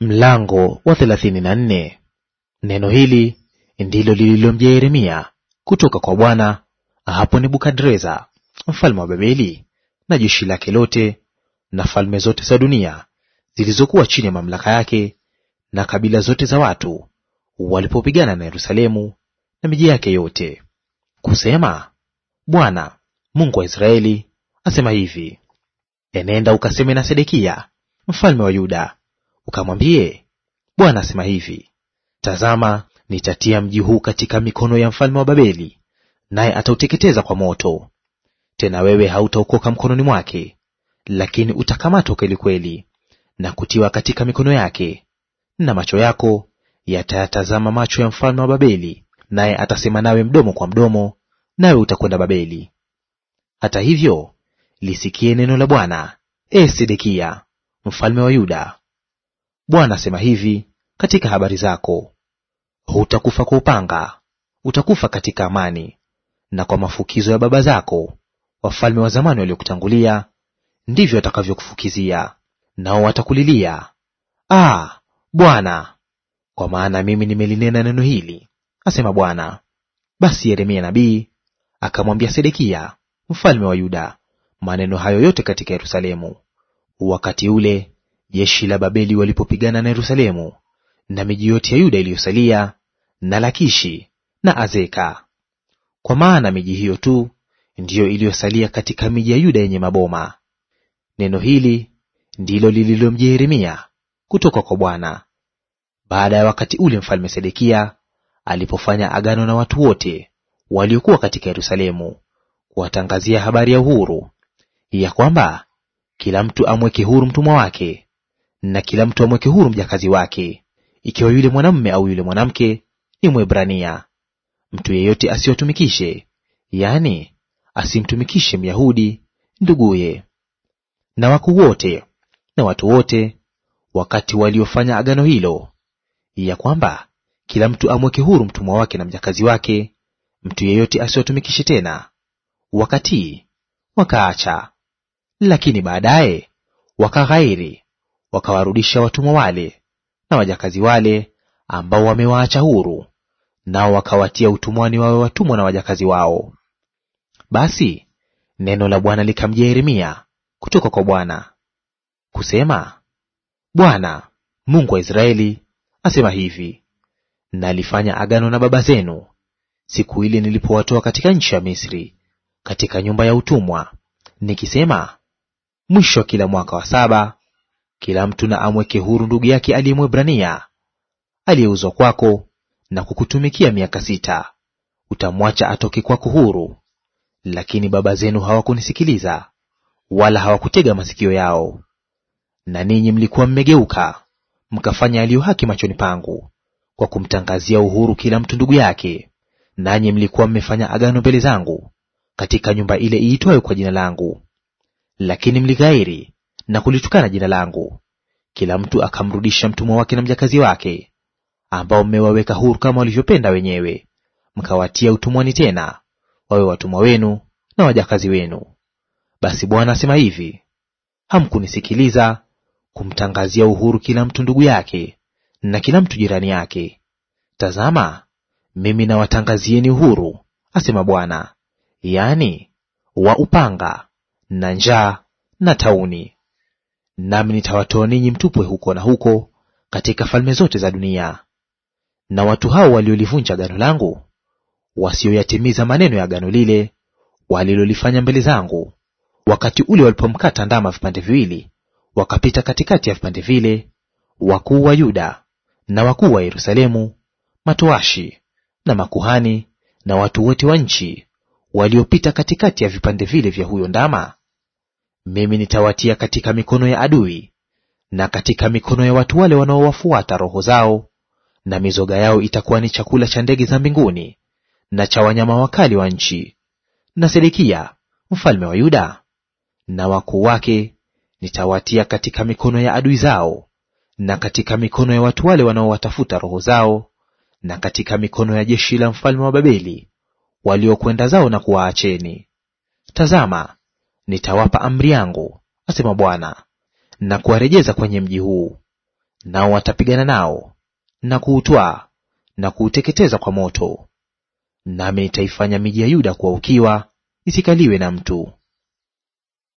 Mlango wa 34. Neno hili ndilo lililomjia Yeremia kutoka kwa Bwana hapo Nebukadreza mfalme wa Babeli na jeshi lake lote na falme zote za dunia zilizokuwa chini ya mamlaka yake na kabila zote za watu walipopigana na Yerusalemu na miji yake yote, kusema, Bwana Mungu wa Israeli asema hivi, enenda ukaseme na Sedekia mfalme wa Yuda ukamwambie, Bwana asema hivi, tazama, nitatia mji huu katika mikono ya mfalme wa Babeli, naye atauteketeza kwa moto. Tena wewe hautaokoka mkononi mwake, lakini utakamatwa kwelikweli na kutiwa katika mikono yake, na macho yako yatayatazama macho ya mfalme wa Babeli, naye atasema nawe mdomo kwa mdomo, nawe utakwenda Babeli. Hata hivyo lisikie neno la Bwana, e Sedekia mfalme wa Yuda, Bwana asema hivi katika habari zako, hutakufa kwa upanga, utakufa katika amani, na kwa mafukizo ya baba zako wafalme wa zamani waliokutangulia, ndivyo watakavyokufukizia; nao watakulilia, Ah, Bwana, kwa maana mimi nimelinena neno hili, asema Bwana. Basi Yeremia nabii akamwambia Sedekia mfalme wa Yuda maneno hayo yote katika Yerusalemu wakati ule jeshi la Babeli walipopigana na Yerusalemu na miji yote ya Yuda iliyosalia na Lakishi na Azeka. Kwa maana miji hiyo tu ndiyo iliyosalia katika miji ya Yuda yenye maboma. Neno hili ndilo lililomjia Yeremia kutoka kwa Bwana baada ya wakati ule mfalme Sedekia alipofanya agano na watu wote waliokuwa katika Yerusalemu kuwatangazia habari ya uhuru, ya kwamba kila mtu amweke huru mtumwa wake na kila mtu amweke huru mjakazi wake, ikiwa yule mwanamume au yule mwanamke ni Mwebrania. Mtu yeyote asiwatumikishe, yaani asimtumikishe Myahudi nduguye. Na wakuu wote na watu wote wakati waliofanya agano hilo, ya kwamba kila mtu amweke huru mtumwa wake na mjakazi wake, mtu yeyote asiwatumikishe tena, wakatii wakaacha. Lakini baadaye wakaghairi wakawarudisha watumwa wale na wajakazi wale ambao wamewaacha huru, nao wakawatia utumwani wawe watumwa na wajakazi wao. Basi neno la Bwana likamjia Yeremia kutoka kwa Bwana kusema, Bwana Mungu wa Israeli asema hivi, nalifanya agano na baba zenu siku ile nilipowatoa katika nchi ya Misri, katika nyumba ya utumwa, nikisema, mwisho wa kila mwaka wa saba kila mtu na amweke huru ndugu yake aliyemwebrania aliyeuzwa kwako na kukutumikia miaka sita; utamwacha atoke kwako huru. Lakini baba zenu hawakunisikiliza, wala hawakutega masikio yao. Na ninyi mlikuwa mmegeuka, mkafanya yaliyo haki machoni pangu, kwa kumtangazia uhuru kila mtu ndugu yake; nanyi mlikuwa mmefanya agano mbele zangu katika nyumba ile iitwayo kwa jina langu. Lakini mlighairi na kulitukana jina langu. Kila mtu akamrudisha mtumwa wake na mjakazi wake, ambao mmewaweka huru kama walivyopenda wenyewe, mkawatia utumwani tena, wawe watumwa wenu na wajakazi wenu. Basi Bwana asema hivi, hamkunisikiliza kumtangazia uhuru kila mtu ndugu yake na kila mtu jirani yake. Tazama, mimi nawatangazieni uhuru, asema Bwana, yaani wa upanga na njaa na tauni, Nami nitawatoa ninyi mtupwe huko na huko katika falme zote za dunia. Na watu hao waliolivunja agano langu, wasioyatimiza maneno ya agano lile walilolifanya mbele zangu, wakati ule walipomkata ndama vipande viwili, wakapita katikati ya vipande vile, wakuu wa Yuda na wakuu wa Yerusalemu, matoashi na makuhani na watu wote wa nchi waliopita katikati ya vipande vile vya huyo ndama mimi nitawatia katika mikono ya adui na katika mikono ya watu wale wanaowafuata roho zao, na mizoga yao itakuwa ni chakula cha ndege za mbinguni na cha wanyama wakali wa nchi. Na Sedekia mfalme wa Yuda na wakuu wake nitawatia katika mikono ya adui zao, na katika mikono ya watu wale wanaowatafuta roho zao, na katika mikono ya jeshi la mfalme wa Babeli waliokwenda zao na kuwaacheni. Tazama, nitawapa amri yangu, asema Bwana, na kuwarejeza kwenye mji huu, nao watapigana nao na kuutwaa na kuuteketeza kwa moto. Nami nitaifanya miji ya Yuda kuwa ukiwa, isikaliwe na mtu.